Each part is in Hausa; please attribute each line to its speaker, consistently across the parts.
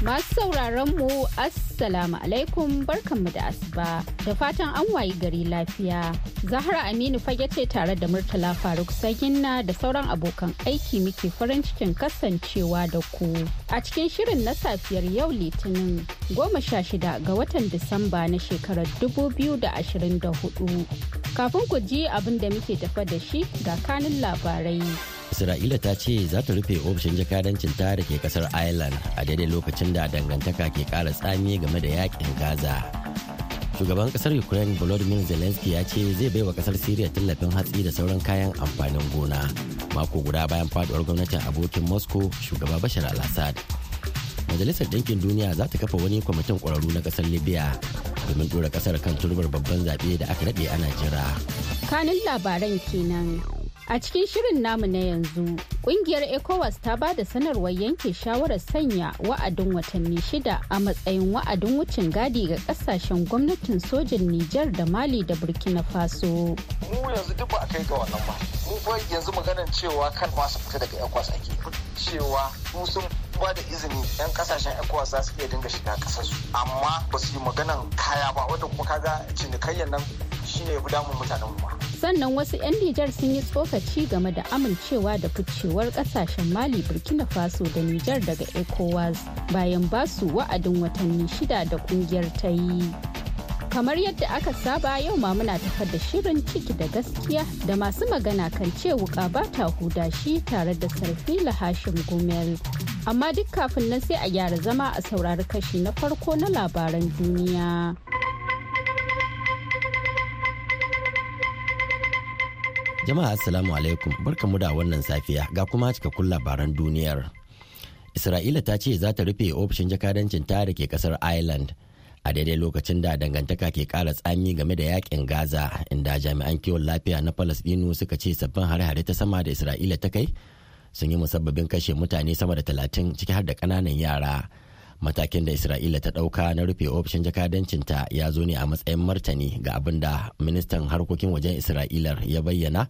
Speaker 1: Masu sauraron mu Assalamu alaikum barkanmu da asuba da fatan an wayi gari lafiya. Zahra Aminu fage ce tare da Murtala Faruk Saginna da sauran abokan aiki muke farin cikin kasancewa da ku. A cikin shirin na safiyar yau Litinin goma sha shida ga watan Disamba na shekarar dubu biyu da ashirin da hudu. Kafin ku ji abin da muke tafa da shi ga kanin labarai.
Speaker 2: isra'ila ta ce za ta rufe ofishin jakadancin ta da ke kasar ireland a daidai lokacin da dangantaka ke kara tsami game da yakin gaza shugaban kasar ukraine volodymyr zelensky ya ce zai baiwa kasar syria tallafin hatsi da sauran kayan amfanin gona mako guda bayan faduwar gwamnatin abokin moscow shugaba bashar al-assad majalisar ɗinkin duniya za ta kafa wani kwamitin ƙwararru na ƙasar libya domin dora ƙasar kan turbar babban zaɓe da aka daɗe ana jira
Speaker 1: kanin labaran kenan A cikin shirin namu na yanzu, kungiyar ECOWAS ta ba da sanarwar yanke shawarar sanya wa'adin watanni shida a matsayin wa'adin wucin gadi ga kasashen gwamnatin sojin Nijar da Mali da Burkina Faso.
Speaker 3: Mu yanzu duk ba a kai ga wannan ba. Mu ba yanzu maganar cewa kan masu fita daga ECOWAS ake cewa mu sun ba da izini yan kasashen ECOWAS za su iya dinga shiga su. amma ba su yi maganan kaya ba wanda kuma kaga cinikayyar nan shine ya fi damun mutanen mu ba.
Speaker 1: sannan wasu 'yan nijar sun yi tsokaci game da amincewa da ficewar kasashen mali burkina faso da nijar daga ecowas bayan ba su wa'adin watanni shida da kungiyar ta yi kamar yadda aka saba yau ma muna tafar da shirin ciki da gaskiya da masu magana kan ce wuka ba ta huda shi tare da sarfila hashim gumel amma duk kafin nan sai a gyara zama a saurari kashi na farko na labaran duniya.
Speaker 2: Jama'a Assalamu alaikum barkamu da wannan safiya ga kuma cikakkun labaran duniyar. Isra'ila ta ce za ta rufe ofishin jakadancin ta da ke kasar Ireland a daidai lokacin da dangantaka ke kara tsami game da yakin Gaza inda jami'an kiwon lafiya na Falasdinu suka ce sabbin hare-hare ta sama da Isra'ila ta kai sun yi musabbabin kashe mutane sama da talatin ciki har da kananan yara. matakin da isra'ila ta dauka na rufe ofishin jakadancinta ya zo ne a matsayin martani ga abin da ministan harkokin wajen isra'ilar ya bayyana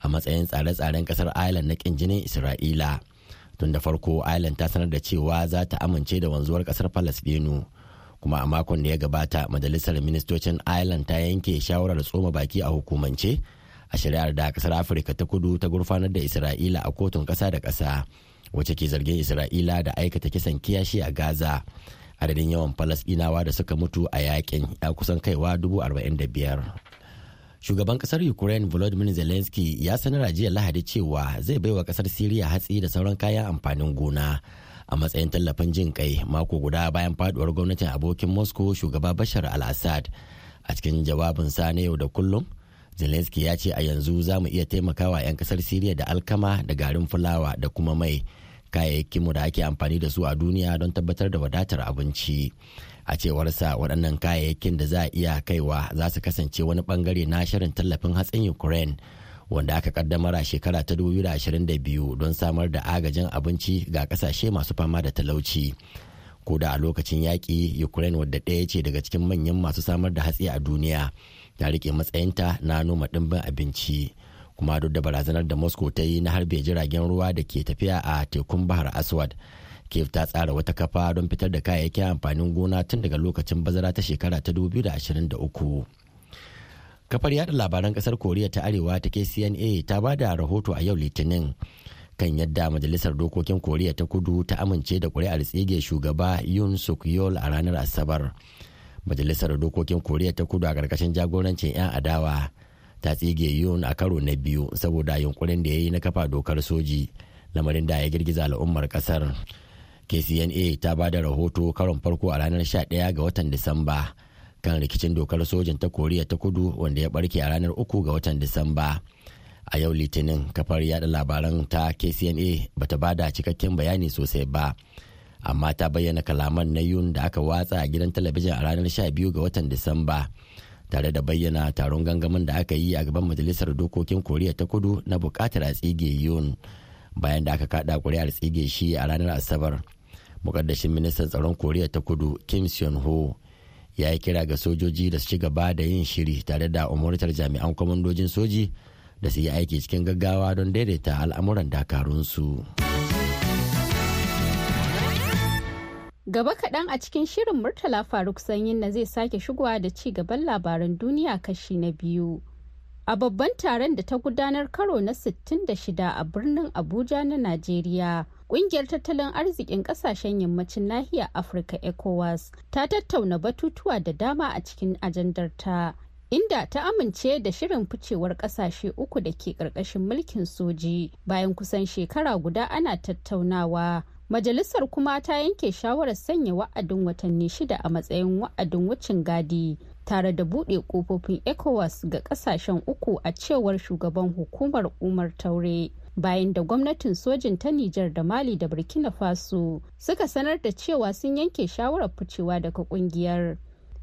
Speaker 2: a matsayin tsare-tsaren kasar ireland na kin jinin isra'ila tun da farko ireland ta sanar da cewa za ta amince da wanzuwar kasar palestinu kuma a makon da ya gabata majalisar ministocin ireland ta yanke shawarar tsoma baki a hukumance a shari'ar da kasar afirka ta kudu ta gurfanar da isra'ila a kotun kasa da ƙasa wacce ke zargin isra'ila da aikata kisan kiyashi a gaza adadin yawan falasdinawa da suka mutu a yakin ya kusan kaiwa dubu arba'in da biyar. shugaban kasar ukraine volodymyr zelensky ya sanar a jiya lahadi cewa zai baiwa kasar syria hatsi da sauran kayan amfanin gona a matsayin tallafin jin kai mako guda bayan faduwar gwamnatin abokin moscow shugaba bashar al-assad a cikin jawabinsa na yau da kullum zelensky ya ce a yanzu za mu iya taimakawa 'yan kasar siriya da alkama da garin fulawa da kuma mai kayayyakinmu da ake amfani da su a duniya don tabbatar da wadatar abinci a cewarsa waɗannan kayayyakin da za a iya kaiwa za su kasance wani bangare na shirin tallafin hatsin ukraine wanda aka kaddamar a shekara ta 2022 don samar da agajin abinci ga ƙasashe masu fama da talauci ko da a lokacin yaƙi ukraine wadda ɗaya ce daga cikin manyan masu samar da hatsi a duniya ta rike matsayinta na noma ɗimbin abinci kuma duk da barazanar da moscow ta yi na harbe jiragen ruwa da ke tafiya a tekun bahar aswad kiev ta tsara wata kafa don fitar da kayayyakin amfanin gona tun daga lokacin bazara ta shekara ta 2023 kafar yada labaran kasar koriya ta arewa ta kcna ta ba da rahoto a yau litinin kan yadda majalisar dokokin koriya ta kudu ta amince da kuri'ar tsige shugaba yun suk yol a ranar asabar majalisar dokokin koriya ta kudu a ƙarƙashin jagorancin 'yan adawa ta tsige yun a karo na biyu saboda yunkurin da ya yi na kafa dokar soji lamarin da ya girgiza al'ummar ƙasar kcna ta ba da rahoto karon farko a ranar 11 ga watan disamba kan rikicin dokar sojin ta koriya ta kudu wanda ya barke a ranar 3 ga watan disamba a yau litinin kafar yada labaran ta kcna bata ba da cikakken bayani sosai ba. amma ta bayyana kalaman na yun da aka watsa a gidan talabijin a ranar 12 ga watan disamba tare da bayyana taron gangamin da aka yi a gaban majalisar dokokin koriya ta kudu na bukatar a tsige yun bayan da aka kada kuri'ar tsige shi a ranar asabar mukaddashin ministan tsaron koriya ta kudu kim seon ho ya yi kira ga sojoji da su ci gaba da yin shiri tare da umartar jami'an kwamandojin soji da su yi aiki cikin gaggawa don daidaita al'amuran dakarunsu.
Speaker 1: Gaba kaɗan a cikin shirin Murtala Faruk Sanyin na zai sake shigowa da ci gaban labaran duniya kashi na biyu. A babban taron da ta gudanar karo na 66 a birnin Abuja na Najeriya, ƙungiyar tattalin arzikin ƙasashen yammacin nahiyar Afirka ECOWAS ta tattauna batutuwa da dama a cikin ajandarta. Inda ta amince da shirin ficewar ƙasashe uku da ke ƙarƙashin mulkin soji bayan kusan shekara guda ana tattaunawa Majalisar kuma ta yanke shawarar sanya wa'adin watanni shida a matsayin wa'adin wucin gadi tare da buɗe kofofin ECOWAS ga ƙasashen uku a cewar shugaban hukumar Umar Taure. Bayan da gwamnatin sojin ta Nijar da Mali da Burkina Faso suka sanar da cewa sun yanke shawarar ficewa daga ƙungiyar.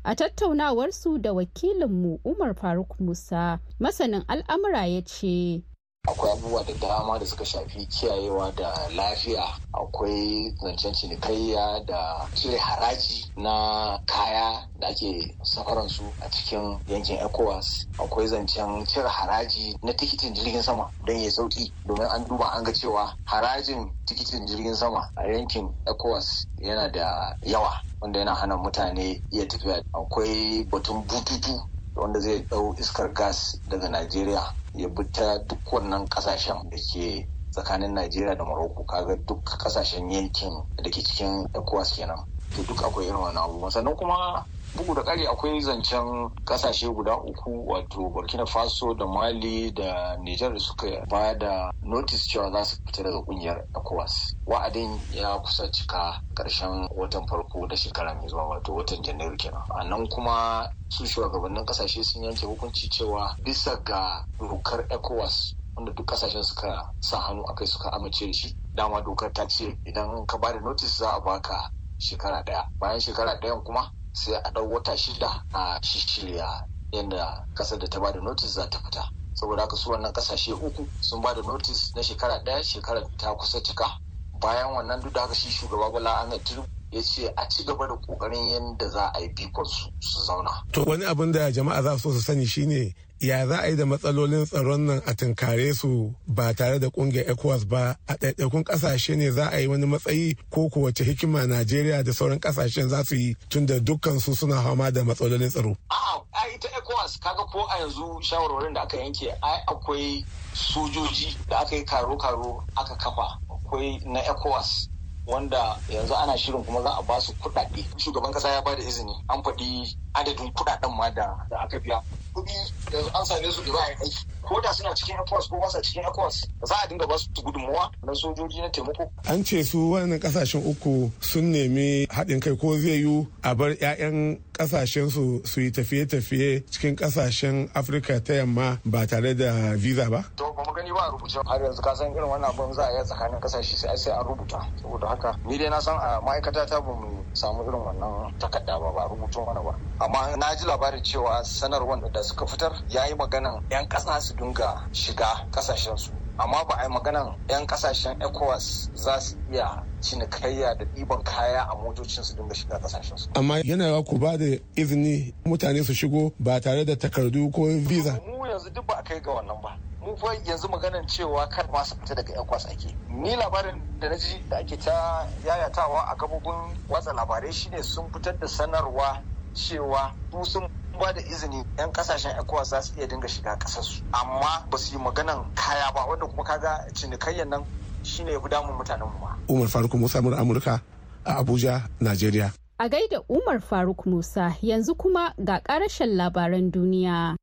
Speaker 1: A tattaunawar su da wakilinmu Umar Faruk Musa, masanin al'amura ya ce,
Speaker 3: akwai abubuwa da dama da suka shafi kiyayewa da lafiya akwai zancen cinikayya da cire haraji na kaya da ake safaransu a cikin yankin ecowas akwai zancen cire haraji na tikitin jirgin sama don ya sauki domin an duba an ga cewa harajin tikitin jirgin sama a yankin ecowas yana da yawa wanda yana hana mutane iya tafiya akwai batun bututu wanda zai dau iskar gas daga najeriya ya bi ta duk wannan kasashen da ke tsakanin najeriya da morocco kaga duk kasashen yankin da ke cikin ecowas kenan to duk akwai irin wannan abubuwan sannan kuma bugu da ƙari akwai zancen kasashe guda uku wato burkina faso da mali da Niger da suka ba da notis cewa za su fita daga ƙungiyar ecowas wa'adin ya kusa cika karshen watan farko da shekara mai zuwa wato watan janairu kenan a nan kuma su shugabannin kasashe sun yanke hukunci cewa bisa ga dokar ecowas wanda duk kasashen suka sa hannu akai suka amince da shi dama dokar ta ce idan ka ba da notis za a baka shekara daya bayan shekara dayan kuma sai a ɗau wata shida a shishirya yadda ƙasar da ta ba da notice za ta fita saboda haka su wannan ƙasashe uku sun ba da notice na shekara ɗaya shekara ta kusa cika bayan wannan duk da haka shi shugaba bala ahmed tinubu ya ce a ci gaba da kokarin yadda za a yi bikon su zauna.
Speaker 4: To wani abin da jama'a za su sani shine ya za a yi da matsalolin tsaron nan a tunkare su ba tare da kungiyar ECOWAS ba a ɗaiɗaikun ƙasashe ne za a yi wani matsayi ko kowace hikima Najeriya da sauran ƙasashen za su yi tun da dukkan su suna hama da matsalolin tsaro.
Speaker 3: A ita ECOWAS kaga ko a yanzu shawarwarin da aka yanke ai akwai sojoji da aka yi karo-karo aka kafa akwai na ECOWAS wanda yanzu ana shirin kuma za a ba su kuɗaɗe shugaban kasa ya ba da izini an faɗi adadin kuɗaɗen ma da aka biya kuɗi da an same su da ba aiki ko da suna cikin ECOWAS ko basa cikin ECOWAS za a dinga ba su gudunmuwa na sojoji na taimako.
Speaker 4: An ce su wannan kasashen uku sun nemi haɗin kai ko zai yiwu a bar 'ya'yan kasashen su su yi tafiye-tafiye cikin kasashen Afirka ta yamma ba tare da visa ba? To
Speaker 3: ba mu gani ba a rubuce har yanzu ka san irin wannan abin za a yi tsakanin kasashe sai a an rubuta saboda haka ni dai na san a ma'aikata ta bamu samu irin wannan takarda ba ba rubutu wani ba amma na ji labarin cewa sanarwar da suka fitar ya yi maganan 'yan ƙasa su dinga shiga ƙasashensu amma ba a yi maganan 'yan kasashen ecowas za su iya cinikayya da ɗiban kaya a motocin su dinga shiga kasashen su.
Speaker 4: amma yana yawa ku ba da izini mutane su shigo ba tare da takardu ko visa
Speaker 3: mu yanzu duk ba a kai ga wannan ba mu fa yanzu maganan cewa kan masu fita daga yan ake ni labarin da na ji da ake ta yayatawa a gabobin watsa labarai shine sun fitar da sanarwa cewa su sun ba da izini yan kasashen ecowas za su iya dinga shiga kasarsu amma ba su yi maganan kaya ba wanda kuma kaga cinikayyar nan shine ya fi damun mutanen mu
Speaker 4: umar faruk musa mura amurka a abuja nigeria
Speaker 1: a gaida umar faruk musa yanzu kuma ga karashen labaran duniya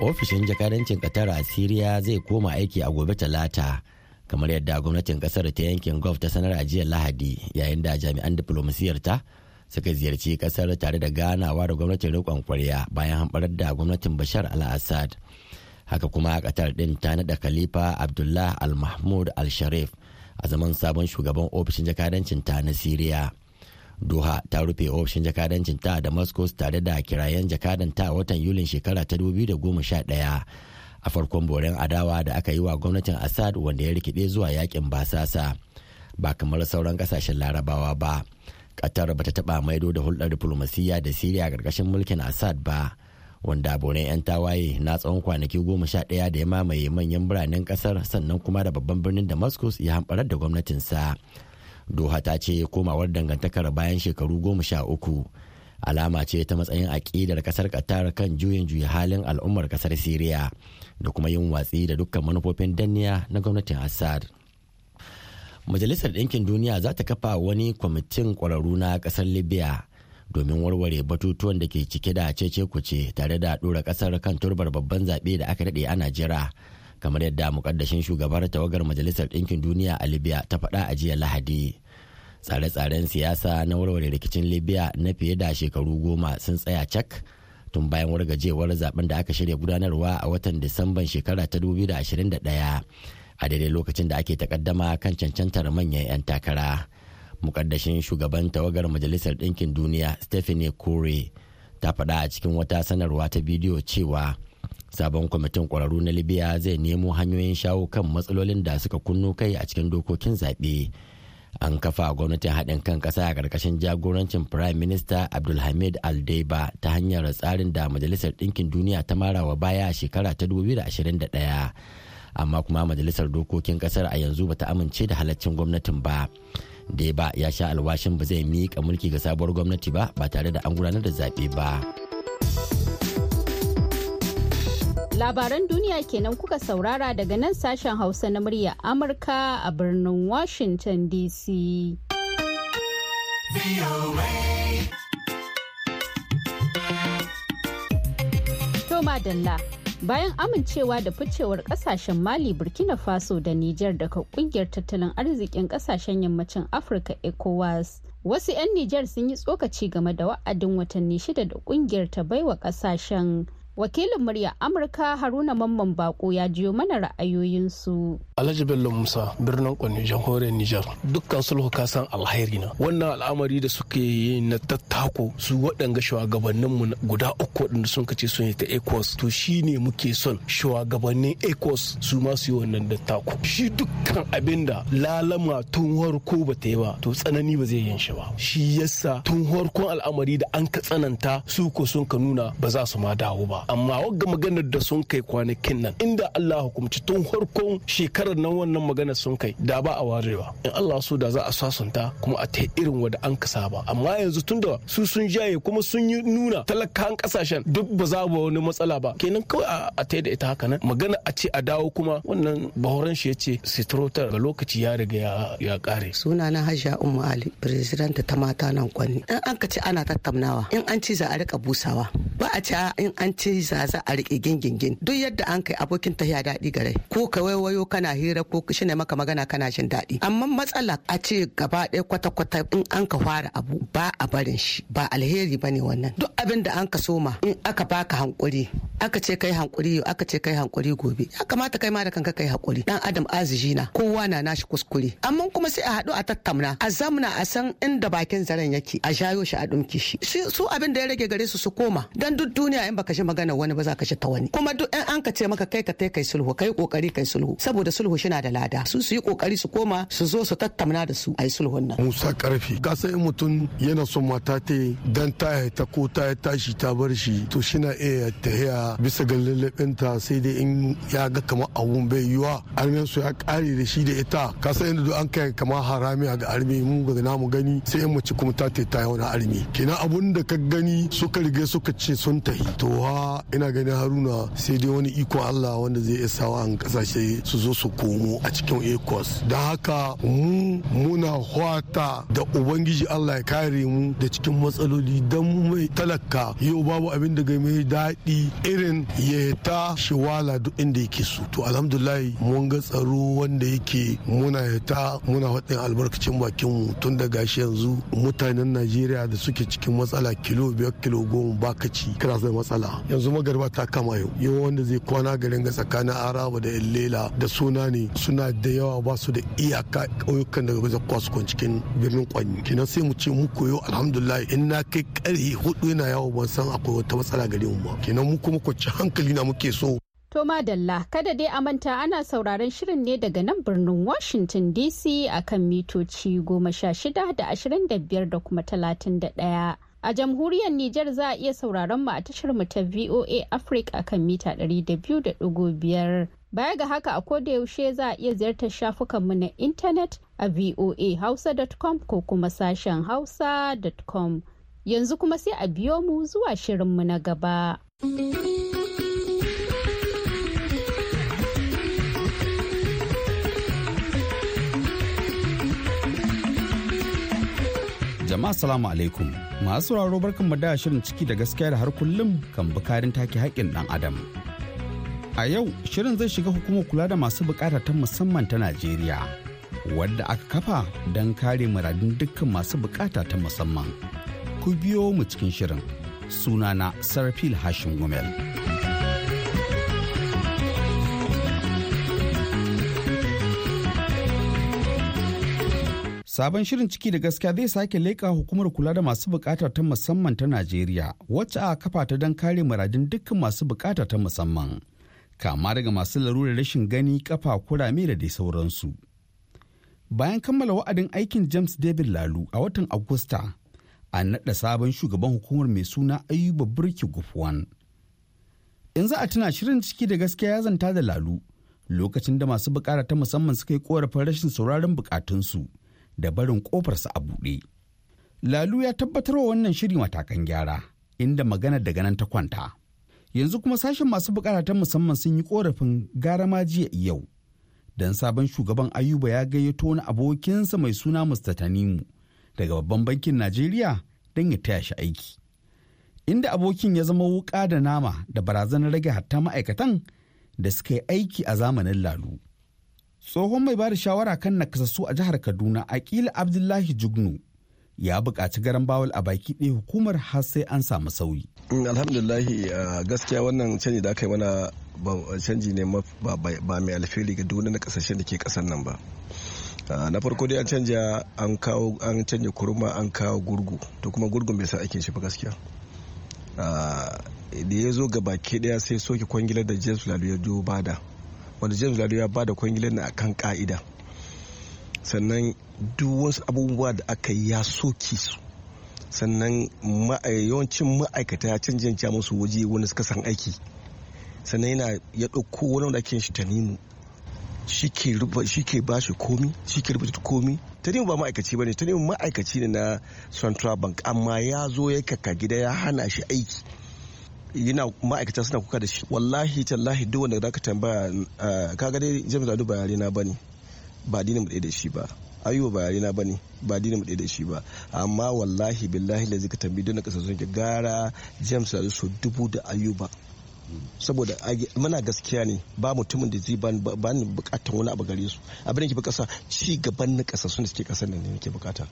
Speaker 2: ofishin jakadancin qatar a siriya zai koma aiki a gobe talata kamar yadda gwamnatin kasar ta yankin gov ta sanar a jiya lahadi yayin da jami'an diplomasiyar ta suka ziyarci kasar tare da ganawa da gwamnatin riƙon kwarya bayan hamɓarar da gwamnatin bashar al-assad haka kuma katar ɗin ta naɗa khalifa abdullah al-mahmud al-sharif a zaman sabon shugaban ofishin jakadancin ta na siriya doha ta rufe ofishin jakadancin ta damascus tare da kirayen jakadan ta watan yulin shekara ta 2011 a farkon boren adawa da aka yi wa gwamnatin assad wanda ya rikide zuwa yakin basasa ba kamar sauran kasashen larabawa ba qatar bata ta taba maido da hulɗar diplomasiyya da siriya ƙarƙashin mulkin assad ba wanda boren 'yan tawaye na tsawon kwanaki goma sha ɗaya da ya mamaye manyan biranen ƙasar sannan kuma da babban birnin damascus ya hamɓarar da gwamnatinsa. doha ta ce komawar dangantakar bayan shekaru goma sha uku alama ce ta matsayin aƙidar ƙasar qatar kan juyin juya halin al'ummar ƙasar syria da kuma yin watsi da dukkan manufofin danniya na gwamnatin assad majalisar ɗinkin duniya za ta kafa wani kwamitin ƙwararru na ƙasar libya domin warware batutuwan da ke cike da cece kuce tare da ɗora ƙasar kan turbar babban zaɓe da aka daɗe ana jira kamar yadda mukaddashin shugabar tawagar majalisar ɗinkin duniya a libya ta faɗa a jiya lahadi tsare-tsaren siyasa na warware rikicin libya na fiye da shekaru goma sun tsaya cak tun bayan wargajewar zaben da aka shirya gudanarwa a watan disamban shekara ta 2021 a daidai lokacin da ake takaddama kan cancantar manyan 'yan takara mukaddashin shugaban tawagar majalisar ɗinkin duniya stephanie kore ta faɗa a cikin wata sanarwa ta bidiyo cewa sabon kwamitin kwararru na libya zai nemo hanyoyin shawo kan matsalolin da suka kunno kai a cikin dokokin zaɓe an kafa gwamnatin haɗin kan ƙasa a ƙarƙashin jagorancin prime minister abdulhamid aldeba ta hanyar tsarin da majalisar ɗinkin duniya ta marawa baya a shekara ta 2021 amma kuma majalisar dokokin ƙasar a yanzu bata amince da halaccin gwamnatin ba deba ya sha alwashin ba zai miƙa mulki ga sabuwar gwamnati ba ba tare da an gudanar da zaɓe ba.
Speaker 1: Labaran duniya kenan kuka saurara daga nan sashen Hausa na murya Amurka a birnin Washington DC. Toma Dalla bayan amincewa da ficewar kasashen mali burkina faso da niger daga kungiyar tattalin arzikin kasashen yammacin afirka ecowas wasu 'yan niger sun yi tsokaci game da wa'adin watanni shida da kungiyar ta baiwa kasashen wakilin murya amurka haruna mamman bako ya jiyo mana ra'ayoyinsu
Speaker 5: alhaji bello musa birnin kwanne jamhuriyar nijar dukkan sulhu ka san alheri na wannan al'amari da suke yi na tattako su waɗanga shugabannin mu guda uku waɗanda sun kace sun yi ta ecos to shine muke son shugabannin ecos su ma su yi wannan tattako shi dukkan abinda. lalama tun harko ba ta yi ba to tsanani ba zai yin shi ba shi yasa tun harkon al'amari da an ka tsananta su ko sun ka nuna ba za su ma dawo ba amma wagga maganar da sun kai kwanakin nan inda Allah hukumci tun farkon shekarar nan wannan maganar sun kai da ba a warewa in Allah so da za a sasunta kuma a ta irin wada an kasa ba amma yanzu tunda su sun jaye kuma sun yi nuna talakan kasashen duk ba za ba wani matsala ba kenan kawai a ta da ita haka nan magana a ce a dawo kuma wannan bahoran shi ya ce sitrotar
Speaker 6: ga lokaci ya riga ya kare suna na hajja umma ali president ta mata nan kwanni in an ka ce ana tattaunawa in an ci za a rika busawa ba a ce in an ci ce za a riƙe gingingin duk yadda an kai abokin ta tahiya daɗi gare ko ka waiwayo kana hira ko shi ne maka magana kana jin daɗi amma matsala a ce gaba ɗaya kwata-kwata in an ka fara abu ba a barin shi ba alheri ba ne wannan duk abin da an ka soma in aka baka hankuri aka ce kai hankuri yau aka ce kai hankuri gobe ya kamata kai ma da kanka kai hakuri dan adam aziji na kowa na nashi kuskure amma kuma sai a haɗu a tattauna a zamna a san inda bakin zaren yake a shayo shi a ɗumki shi su abin da ya rage gare su su koma dan duk duniya in baka shi magana magana wani ba za ka ta wani kuma duk in an ka ce maka kai ka tai kai sulhu kai kokari kai sulhu saboda sulhu shi na da lada su su yi kokari su koma su zo su tattauna da su a yi sulhun nan
Speaker 4: musa karfi
Speaker 6: ka sai mutum yana son
Speaker 4: mata ta dan ta ta ko ta tashi ta bar shi to shi na iya tahiya bisa ga lallabinta sai dai in ya ga kamar abun bai yiwa armen su ya kare da shi da ita ka sai inda an kai kamar harami ga armi mu ga namu gani sai in mace kuma ta ta yi wani armi kenan abun da ka gani suka riga suka ce sun yi to ha ina ganin haruna sai dai wani ikon allah wanda zai isa an kasashe su zo su komo a cikin ecos da haka mu muna hwata da ubangiji allah ya kare mu da cikin matsaloli don mai talaka yau babu abin da game daɗi irin ya ta shiwala duk inda yake su. to alhamdulahi mun ga tsaro wanda yake muna ya ta muna faɗin albarkacin bakin mu tun da gashi yanzu mutanen najeriya da suke cikin matsala kilo biyar kilo goma ka ci zai matsala yanzu magarba ta kama yau yau wanda zai kwana garin ga tsakanin araba da illela da suna ne suna da yawa ba su da iyaka ƙauyukan daga gaza kwaskon cikin birnin kwanyi kenan sai mu ce mu koyo alhamdulillah in na kai ƙarfi hudu yana yawo ban san akwai wata matsala gare mu ba kenan mu kuma kwanci hankali na
Speaker 1: muke so To Madalla, kada dai a manta ana sauraron shirin ne daga nan birnin Washington DC akan mitoci goma sha shida da ashirin da biyar da kuma talatin da ɗaya. A jamhuriyar Nijar za a iya sauraron mu a tashar mu ta VOA Africa kan mita 200.5. Baya ga haka a koda yaushe za a iya ziyartar shafukan mu na intanet a voahausa.com ko kuma sashen hausa.com. Yanzu kuma sai a biyo mu zuwa shirin mu na gaba.
Speaker 7: Jama'a salamu alaikum. Masu sauraro barkan mu da shirin ciki da gaskiya da har kullum kan bukarin take haƙƙin ɗan adam. A yau shirin zai shiga hukumar kula da masu bukata ta musamman ta Najeriya wadda aka kafa don kare muradin dukkan masu bukata ta musamman. Ku biyo mu cikin shirin. Sunana Sarfil Hashim Gumel. Sabon shirin ciki da gaskiya zai sake leƙa hukumar kula da masu bukata ta musamman ta Najeriya, wacce a kafa ta don kare muradin dukkan masu bukata ta musamman, kama daga masu larurar rashin gani, kafa, kurame da dai sauransu. Bayan kammala wa'adin aikin James David Lalu a watan Agusta, an naɗa sabon shugaban hukumar mai suna Ayuba Birki Gufwan. In za a tuna shirin ciki da gaskiya ya zanta da Lalu, lokacin da masu bukata ta musamman suka yi korafin rashin sauraron bukatunsu. da barin kofarsa a buɗe. Lalu ya tabbatar wa wannan shiri matakan gyara inda magana daga nan ta kwanta. Yanzu kuma sashen masu bukata ta musamman sun yi korafin gara ma jiya yau. dan sabon shugaban Ayuba ya gayyato wani abokinsa mai suna Mr. Tanimu daga babban bankin Najeriya don ya taya shi aiki. Inda abokin ya zama wuka da nama da barazanar rage hatta ma'aikatan da suka yi aiki a zamanin lalu. tsohon mai bada shawara kan nakasassu a jihar kaduna akila abdullahi jugnu ya buƙaci garan bawal a baki ɗaya hukumar har sai an samu sauyi.
Speaker 5: Mm, alhamdulahi uh, gaskiya wannan canji da aka yi mana canji ne ba mai alfili ga duniya na ƙasashen da ke ƙasar nan ba uh, na farko dai an canja an kawo an canja kurma an kawo gurgu to kuma gurgun bai sa aikin shi ba gaskiya uh, da ya zo ga baki ɗaya sai soke kwangilar da james lalu ya jo bada wanda james lado ya ba da na akan ka'ida sannan duk wasu abubuwa da aka yi ya soke su sannan eh, yawancin ma'aikata ya canja musu waje wani suka san aiki sannan yana ya ɗauko wani wanda ake shi tanimu shi ke ba shi komi shi ke rubuta komi tanimu ba ma'aikaci ba ne tanimu ma'aikaci ne na central bank amma ya zo ya kaka gida ya hana shi aiki yana ma'aikata suna kuka da shi wallahi tallahi duk wanda zaka tambaya ga dai James Adu ba yare na bane ba dinin mu da shi ba Ayuba ba yare na bane ba dinin mu da shi ba amma wallahi billahi da zaka tambayi duk na kasa sun gara James Adu so dubu da ayuba saboda muna gaskiya ne ba mutumin da zai ba ni bukatan wani abu gare su abin da ke bukasa ci gaban na kasar sun da suke kasar nan ne ke bukata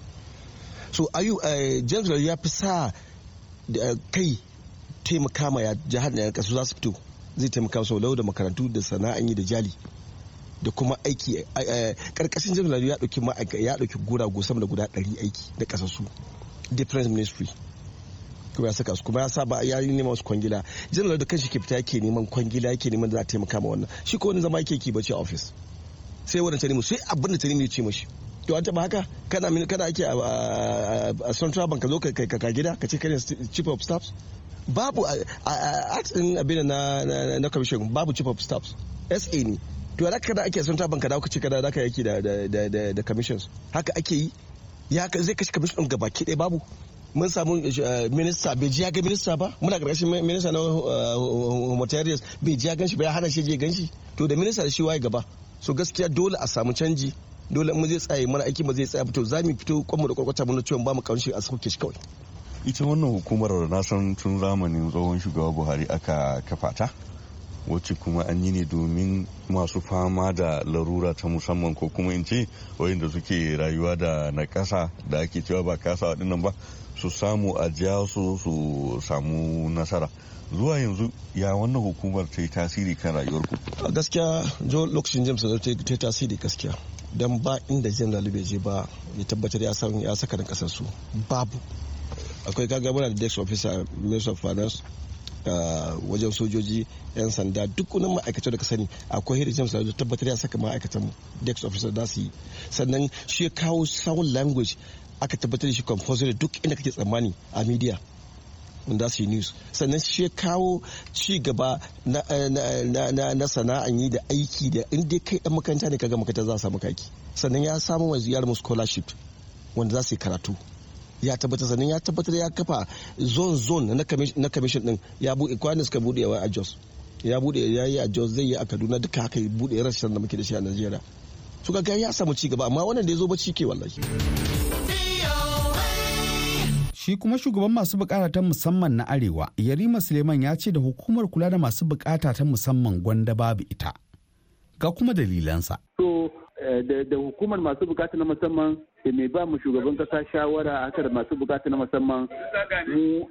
Speaker 5: so ayu eh, james ya fi sa kai taimaka ma jihar da kasu za su fito zai taimaka sau lau da makarantu da sana'an yi da jali da kuma aiki karkashin jami'ar ya dauki ya dauki go sama da guda 100 aiki da kasassu different ministry kuma ya saka su kuma ya saba ya yi neman su kwangila janar da kanshi ke fita yake neman kwangila yake neman da za a taimaka ma wannan shi ko wani zama yake ki bace a office sai wannan tanimu sai abin da tanimu ya ce mashi to an taba haka kana kana ake a central bank ka zo ka ka gida ka ce kai chief of staff babu act din abin na na commission babu chief of staff sa ne to da kada ake sun taban ka da ka ce kada da yake da da commissions haka ake yi ya zai kashe commission gaba ki dai babu mun samu eh, minista bai ji ya ga minista ba muna karkashin minista na eh, humanitarians bai ji ya ganshi ba ya hana shi je ganshi to da minista da shi waye gaba so gaskiya dole a samu canji dole mu zai tsaye mana aiki ba zai tsaya fito za mu fito kwamu da kwakwata mun na ba mu kaunshi a sauke shi kawai
Speaker 8: ita wannan hukumar na san tun zamanin tsohon shugaba buhari aka kafa ta
Speaker 4: wacce kuma an yi ne domin masu fama da larura ta musamman ko kuma in ce
Speaker 8: wayanda suke rayuwa da kasa da ake cewa ba kasa waɗannan ba su samu a jiya su su samu nasara zuwa yanzu ya wannan hukumar
Speaker 4: ta yi tasiri kan rayuwarku
Speaker 5: gaskiya jo lokacin james ta yi tasiri gaskiya don ba inda jin bai je ba ya tabbatar ya saka na su babu akwai kaga muna da desk officer minister of finance wajen sojoji yan sanda dukkanin ma'aikatar da ka sani akwai hidden james da tabbatar ya saka ma'aikatan desk officer da su yi sannan shi ya kawo sound language aka tabbatar da shi compulsory duk inda kake tsammani a media wanda su yi news sannan shi ya kawo ci gaba na eh, sana'an yi da aiki da inda kai dan makaranta ne kaga makaranta za a samu kaki sannan ya samu wa ziyar mu scholarship wanda za su yi karatu ya tabbatar sannan ya tabbatar ya kafa zone zone na commission din ya bude kwanan suka bude a jos ya bude ya yi a zai yi a kaduna duka haka ya buɗe rashin da muke da shi a najeriya su ga ya samu ci gaba amma wannan da ya zo ci ke wallahi
Speaker 7: shi kuma shugaban masu bukata ta musamman na arewa yarima suleiman ya ce da hukumar kula da masu bukata ta musamman gwanda babu ita ga kuma dalilansa
Speaker 8: Eh, da hukumar masu bukata na musamman da mai ba mu shugaban kasa shawara a kan masu bukata na musamman mu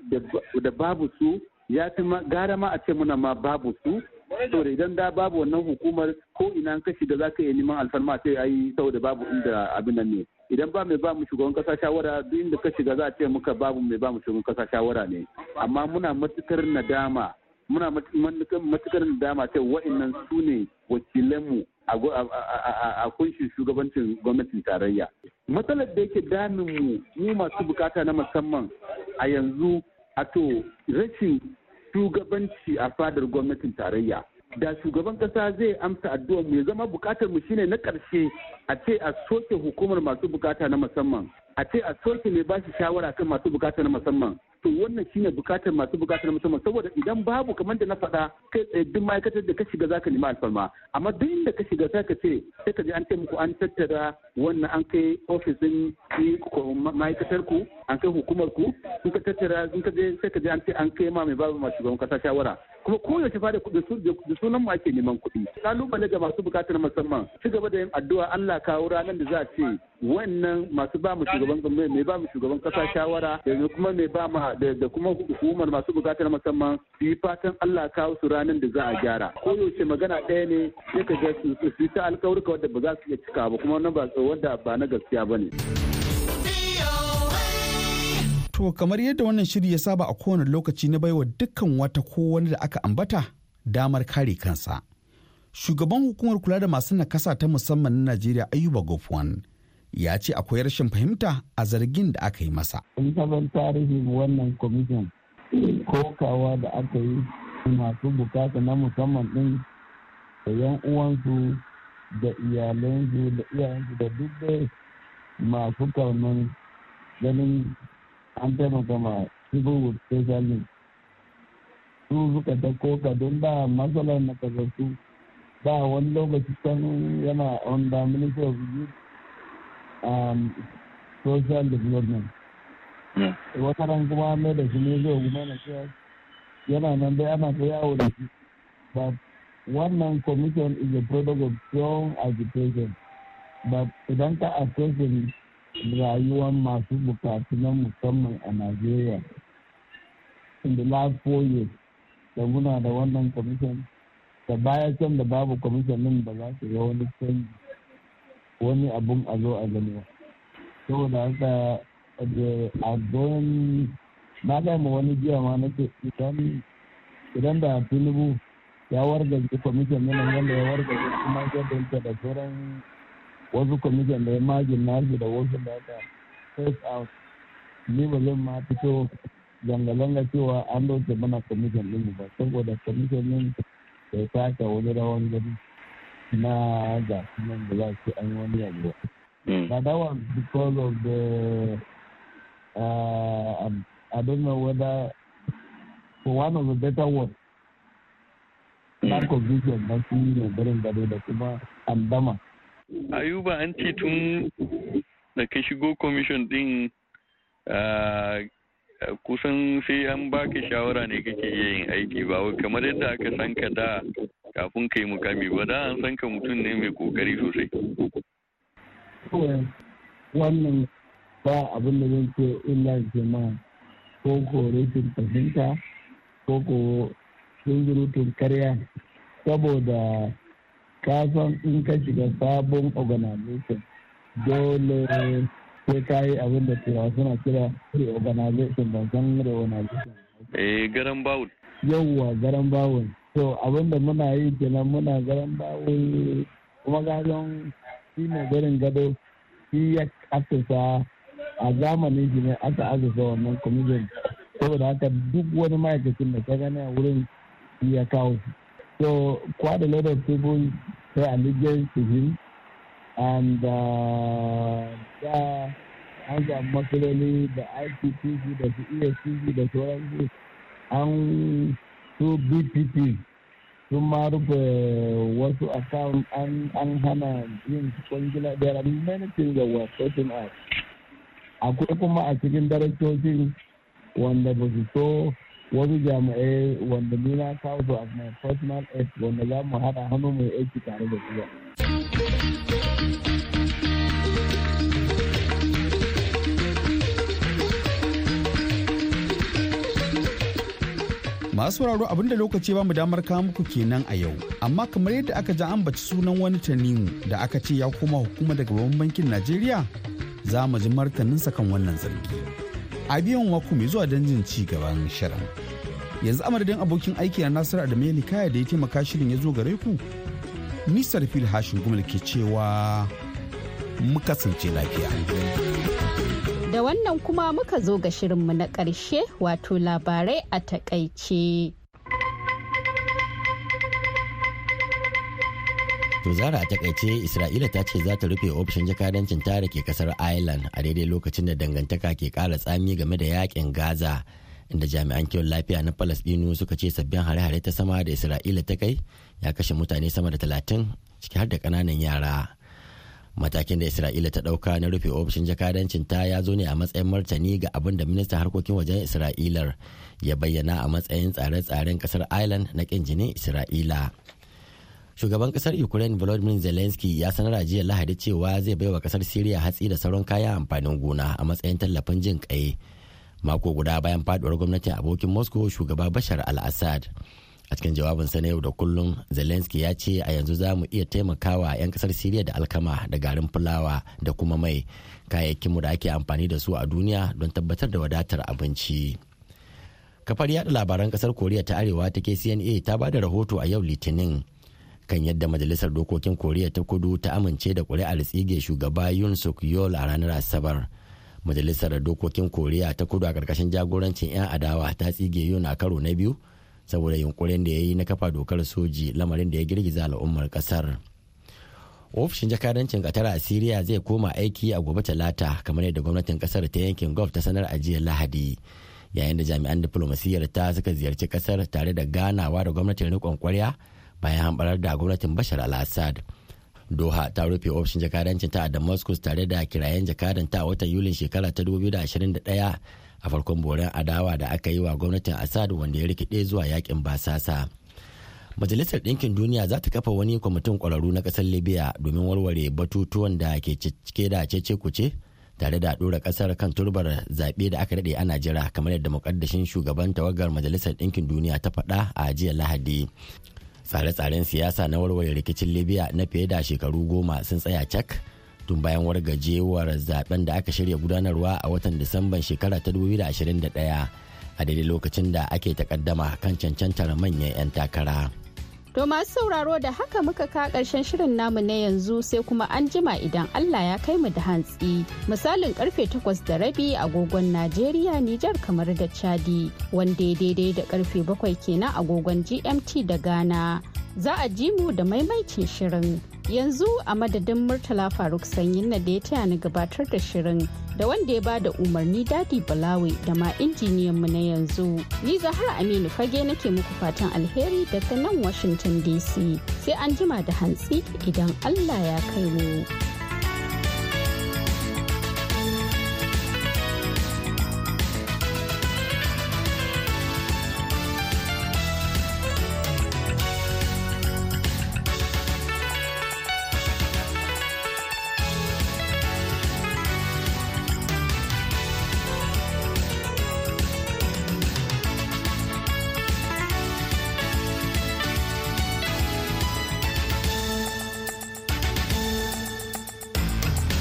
Speaker 8: da babu su ya fi gara ma a ce muna ma babu su saboda idan da babu wannan hukumar ko ina ka shiga za ka iya neman alfarma sai ayi saboda babu inda abin nan ne idan ba mai ba mu shugaban kasa shawara duk inda ka shiga za a ce muka babu mai ba mu shugaban kasa shawara ne amma muna matukar nadama muna matukar dama ce wa'annan su ne wakilanmu a kunshi shugabancin gwamnatin tarayya. Matsalar da yake daminmu mu mu masu bukata na musamman a yanzu a to rashin shugabanci a fadar gwamnatin tarayya. Da shugaban kasa zai amsa addu'ar mu ya zama bukatar mu shine na karshe a ce a soke hukumar masu bukata na musamman. A ce a soke mai bashi shawara kan masu bukata na musamman. to wannan shine bukatar masu bukatar musamman saboda idan babu kamar da na faɗa kai tsaye duk ma'aikatar da ka shiga za ka nemi alfarma amma duk inda ka shiga za ka ce sai ka ji an taimako an tattara wannan an kai ofisin ma'aikatar ku an kai hukumar ku in ka tattara in ka je sai ka je an ce an kai ma mai babu ma shugaban kasa shawara kuma yaushe fa da da sunan mu ake neman kuɗi kalubale ga masu bukatar musamman ci gaba da yin addu'a Allah kawo ranar da za a ce wannan masu ba mu shugaban mai ba mu shugaban kasa shawara da kuma mai ba ma da kuma hukumar masu bukatar musamman su yi fatan Allah kawo su ranar da za a gyara yaushe magana ɗaya ne sai ka ga su su ta alƙawarka wadda ba za su iya cika ba kuma wannan ba wanda ba na gaskiya bane. ne.
Speaker 7: To kamar yadda wannan shiri ya saba a kowane lokaci na baiwa dukkan wata ko wani da aka ambata damar kare kansa. Shugaban hukumar kula da masu nakasa ta musamman na Najeriya Ayuba Gofwan ya ce akwai rashin fahimta a zargin da aka yi masa. In saban tarihin wannan kwamishin kokawa da aka yi masu bukata na
Speaker 9: musamman din da yan uwansu da iyalansu da iyayensu da duk masu kaunan ganin an taimaka ma civil wood specialist su suka dauko ka don da matsalar na kasassu ba wani lokaci can yana on the ministry of youth um, social development hmm. wata ran kuma mai da shi ne zai kuma na shi yana nan dai ana ta yawo da shi but wannan commission is a product of strong agitation but idan ka assess rayuwar masu bukatu na musamman a Najeriya. In the last four years, da muna da wannan commission, da baya can da babu commission nan ba za su ga wani canji wani abun a zo a gani ba. Saboda haka eh, a don na gama wani jiya ma nake idan idan da tunubu ya wargaje commission nan wanda ya wargaje kuma ya da sauran wasu kwamishin da ya magin nashi da wasu da aka face out ni ba zan ma fito zanga-zanga cewa an dauke mana kwamishin ɗin ba saboda kwamishin ɗin bai taka wani rawan gani na gasu nan da za su an wani yabo. Hmm. But that was because of the uh, um, I don't know whether for one of the better words lack of vision na su ne barin gado da kuma andama
Speaker 8: ayuba an ce tun da ka shigo commission din kusan sai an baka shawara ne kake yin aiki ba kamar yadda aka san ka da kafin kai mukami ba da an san ka mutum ne mai kokari sosai
Speaker 9: wannan ba abin da zan ce illa jama'a ko ko rufin fahimta ko ko sun karya saboda kasan in ka shiga sabon organization dole sai ka yi abin da turawa suna kira reorganization ba san reorganization
Speaker 8: eh garan bawul
Speaker 9: yawwa garan bawul to abin da muna yi kenan muna garan bawul kuma gajon shi ne garin gado shi ya asasa a zamanin shi ne aka azusa wannan kwamishin saboda haka duk wani ma'aikacin da ka gani a wurin ya kawo shi so quite da lot of pay allegiance to him. And da an ga matsaloli da ipcc da su ESCC da sauransu an su BPP sun ma rufe wasu account an hana yin kwangila there are many things that were sorting out akwai kuma a cikin daraktocin wanda ba su so wasu jami'ai wanda ni na kawo as my personal aid wanda za mu haɗa hannu mai aiki tare da su
Speaker 7: masu sauraro abinda lokaci ba mu damar kawo muku kenan a yau amma kamar yadda aka an ambaci sunan wani tanimu da aka ce ya koma hukuma daga babban bankin najeriya za mu ji martaninsa kan wannan zargi a biyan waku mai zuwa danjin ci gaban shirin yanzu amadadin abokin aiki na nasiru adamu kaya da ya taimaka shirin ya zo gare ku nisar fil hashin gumal ke cewa mu kasance lafiya
Speaker 1: da wannan kuma muka zo ga shirinmu na ƙarshe wato labarai a takaice
Speaker 2: To zara a takaice Isra'ila ta ce za ta rufe ofishin jakadancin ta da ke kasar Ireland a daidai lokacin da dangantaka ke kara tsami game da yakin Gaza inda jami'an kiwon lafiya na Falasɗinu suka ce sabbin hare-hare ta sama da Isra'ila ta kai ya kashe mutane sama da talatin ciki har da kananan yara. matakin da isra'ila ta dauka na rufe ofishin jakadancin ta ya zo ne a matsayin martani ga abin da minista harkokin wajen isra'ilar ya bayyana a matsayin tsare-tsaren kasar ireland na kin jinin isra'ila shugaban kasar ukraine volodymyr zelensky ya sanar a jiya lahadi cewa zai baiwa kasar syria hatsi da sauran kayan amfanin gona a matsayin tallafin jin kai mako guda bayan faduwar gwamnatin abokin moscow shugaba bashar al-assad a cikin jawabinsa na yau da kullum zelensky ya ce a yanzu za mu iya taimakawa 'yan kasar syria da alkama da garin fulawa da kuma mai kayayyakinmu da ake amfani da su a duniya don tabbatar da wadatar abinci kafar yada labaran kasar koriya ta arewa ta kcna ta ba da rahoto a yau litinin kan yadda majalisar dokokin koriya ta kudu ta amince da kuri'ar tsige shugaba yun suk yol a ranar asabar majalisar dokokin koriya ta kudu a karkashin jagorancin 'yan adawa ta tsige yun a karo na biyu saboda yunkurin da ya yi na kafa dokar soji lamarin da ya girgiza al'ummar kasar ofishin jakadancin katara a siriya zai koma aiki a gobe talata kamar yadda gwamnatin kasar ta yankin gov ta sanar a jiya lahadi yayin da jami'an diflomasiyyar ta suka ziyarci kasar tare da ganawa da gwamnatin riƙon kwarya bayan hamɓarar da gwamnatin bashar al-assad doha ta rufe ofishin jakadancin ta a damascus tare da kirayen jakadan ta watan yulin shekara ta 2021 a farkon borin adawa da aka yi wa gwamnatin assad wanda ya rikide zuwa yakin basasa majalisar dinkin duniya za ta kafa wani kwamitin kwararru na kasar libya domin warware batutuwan da ke cike da cece kuce tare da dora kasar kan turbar zaɓe da aka daɗe ana jira kamar yadda muƙaddashin shugaban tawagar majalisar ɗinkin duniya ta faɗa a jiya lahadi tsare-tsaren siyasa na warware rikicin libya na fiye da shekaru goma sun tsaya cak tun bayan wargajewar zaben da aka shirya gudanarwa a watan disamban shekara ta 2021 a daidai lokacin da ake takaddama kan cancantar manyan 'yan takara.
Speaker 1: To masu sauraro da haka muka ka karshen shirin namu na yanzu sai kuma an jima idan Allah ya kai mu da hantsi. Misalin karfe takwas da rabi agogon Najeriya Nijar kamar da Chadi wanda ya daidai da karfe bakwai kenan agogon GMT da Ghana. Za a ji mu da maimaicin shirin. yanzu a madadin murtala faruk sanyin na da ya taya ni gabatar da shirin da wanda ya bada umarni dadi balawe da ma injiniyan mu na yanzu ni zahara aminu fage nake muku fatan alheri daga nan washington dc sai an jima da hantsi idan allah ya kai mu.